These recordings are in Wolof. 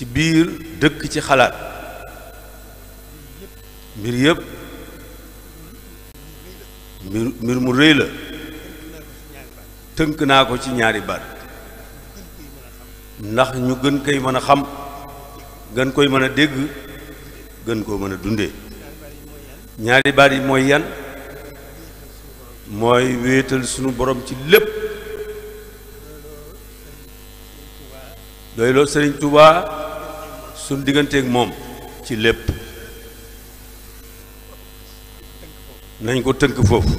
ci biir dëkk ci xalaat mbir yépp mbir mu rëy la tënk naa ko ci ñaari baat ndax ñu gën koy mën a xam gën koy mën a dégg gën koo mën a dunde ñaari baat yi mooy yan mooy wéetal sunu borom ci lépp doyloo Sëriñ Tuubaa suñ digganteeg moom ci lépp nañ ko tënk foofu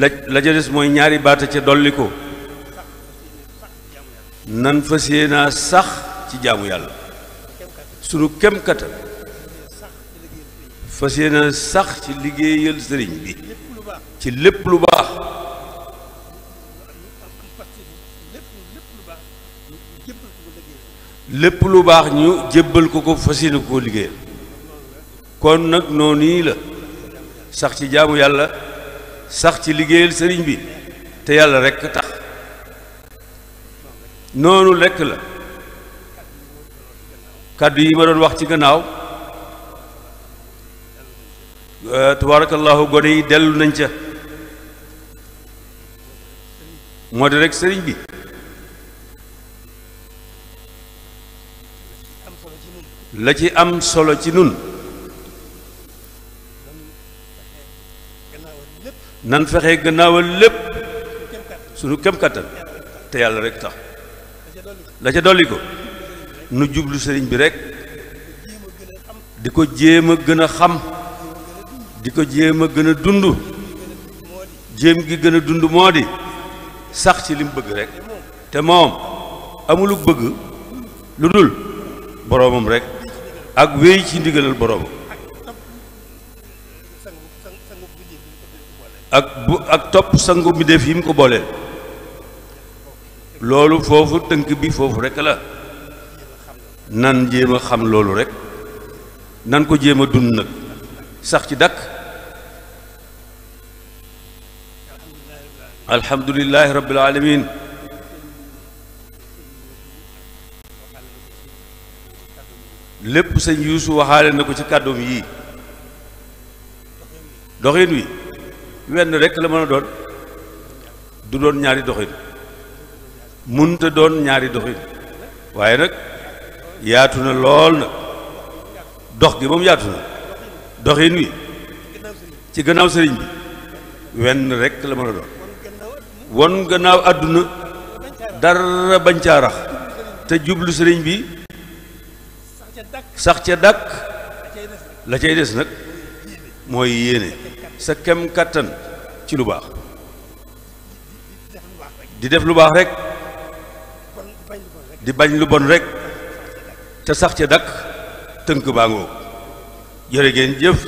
la la mooy ñaari baata ca dolli ko nan fas yéenaa sax ci jaamu yàlla sunu kem kata fas sax ci liggéeyal sëriñ bi ci lépp lu baax lépp lu baax ñu jébbal ko ko fas yéene koo liggéeyal kon nag noonu yi la sax ci jaamu yàlla sax ci liggéeyal sëriñ bi te yàlla rekk a tax noonu lekk la kàddu yi ma doon wax ci gannaaw euh, tabaarakallaahu gone yi dellu nañ ca moo di rek sëriñ bi la ci am solo ci nun nan fexe gannaawal lépp suñu kem kàttan te yàlla rekk tax la ca dolli ko nu jublu sëriñ bi rekk di ko jéem a gën a xam di ko jéem a gën a dund jéem gi gën a dund moo di sax ci lim bëgg rek te moom amulu bëgg lu dul boroomam rekk ak wéy ci ndigalal boroom ak bu ak topp sangu bi def yi mu ko booleel loolu foofu tënk bi foofu rekk la nan jéem xam loolu rekk nan ko jéem a dund nag sax ci dakk alhamdulillahi rabbil alamin lépp sëñ yuusu waxaale na ko ci kàddoom yii doxin wi wenn rekk la mën a doon du doon ñaari doxin munta doon ñaari doxin waaye nag yaatu na lool nag dox gi moom yaatu na doxin wi ci gannaaw sëriñ bi wenn rekk la mën a doon won gannaaw àdduna dara bañ caa te jublu sëriñ bi sax ca dàkk la cay des nag mooy yéene sa kem kàttan ci lu baax di def lu baax rek di bañ lu bon rek te sax ca dàkk tënk baa ngoo jërë jëf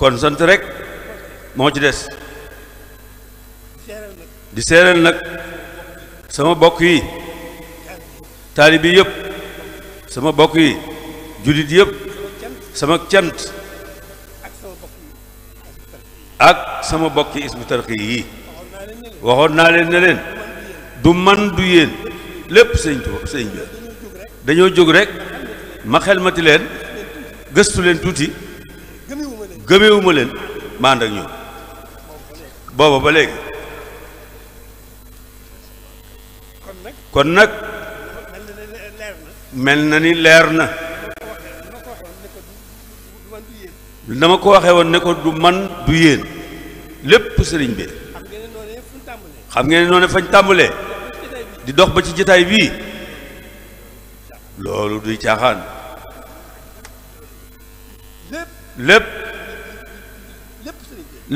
kon sant rek moo ci des di seereel nag sama bokk yi taalibe yëpp sama bokk yi jullit yépp sama cant ak sama bokki isbu tarxi yi waxoon naa leen ne leen du man du yéen lépp sëñ Tuubaa dañoo jóg rek ma xelmati leen gëstu leen tuuti gëmewuma leen ma ànd booba ba léegi kon nag mel na ni leer na dama ko waxee woon ne ko du man du yéen lépp sëriñ bi xam ngeen noonu fañ tàmbulee di dox ba ci jataay bii loolu duy caaxaan lépp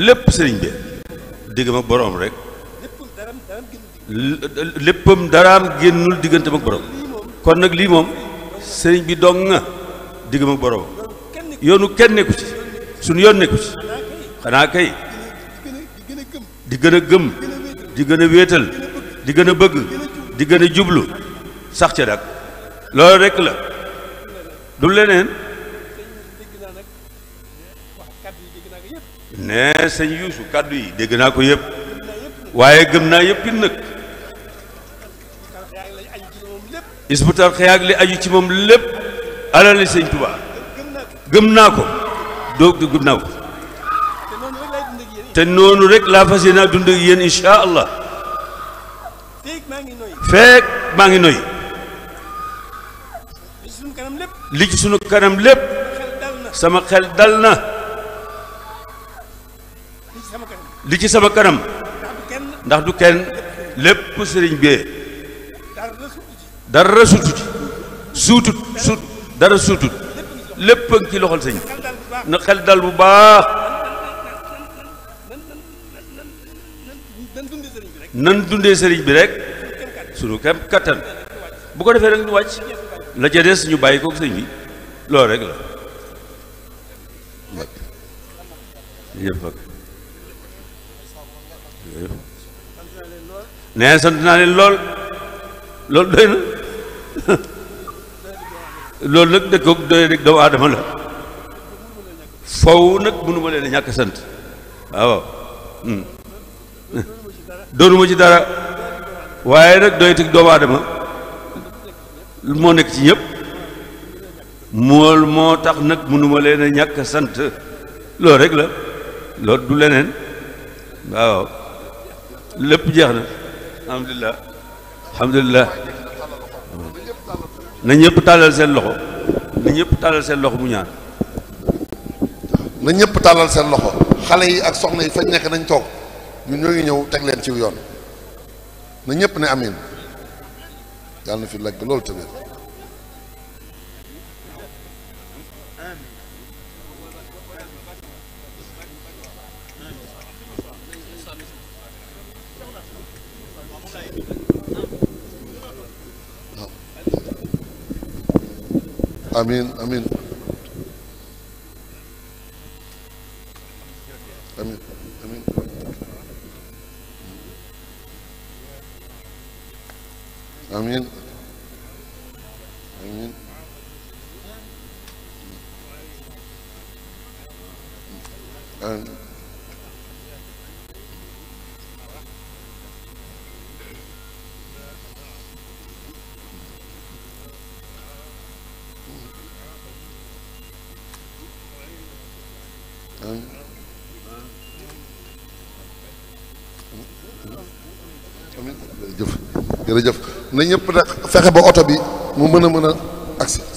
lépp sëriñ bi diggam ak boroom rek léppam daraam génnul diggante ak boroom kon nag lii moom sëriñ bi dong nga diggam ak borom yoonu kenn nekku ci suñu yoon nekku ci xanaa kay di gën a gëm di gën a wéetal di gën a bëgg di gën a jublu sax ca nag loolu rekk la du leneen ne sëñ yuusu kàddu yi dégg naa ko yëpp waaye gëm naa yëpp nag Hizbut Tarqiyyah ak li aju ci moom lépp alal li sëñ Tuubaa gëm naa ko doog gëm naa ko te noonu rek laa fas yéene dund ak yéen incha allah feek maa ngi noy li ci sunu kanam lépp sama xel dal na li ci sama kanam ndax du kenn lépp sëriñ bi dara suutut suutut suut dara suutut lépp ci loxol sëñ na xel dal bu baax nan dundee sëriñ bi rek sunu kem kattan bu ko defee rek ñu wàcc la ca des ñu bàyyi kook sëñ bi loolu rek la nee sant naa leen lool loolu doy na loolu nag dëkkook doy rek doomu aadama la fow nag mënu ma leen ñàkk sant waaw hmm. doonuma ci dara waaye nag doy teg doomu aadama moo nekk ci ñépp mool moo tax nag mënuma leen a ñàkk sant loolu rek la loolu du leneen waaw lépp jeex na alhamdulilah alhamdulilah na ñëpp tàllal seen loxo na ñëpp tàllal seen loxo mu ñaan na ñëpp tàllal seen loxo xale yi ak soxna yi fañ nekk nañ toog ñu ñoo ñëw teg leen ci yoon na ñëpp ne amin yàlla na fi lagg loolu tamit amin amiin amiin amiin amiin jërëjëf na ñëpp nag fexe ba oto bi mu mën a mën a agsi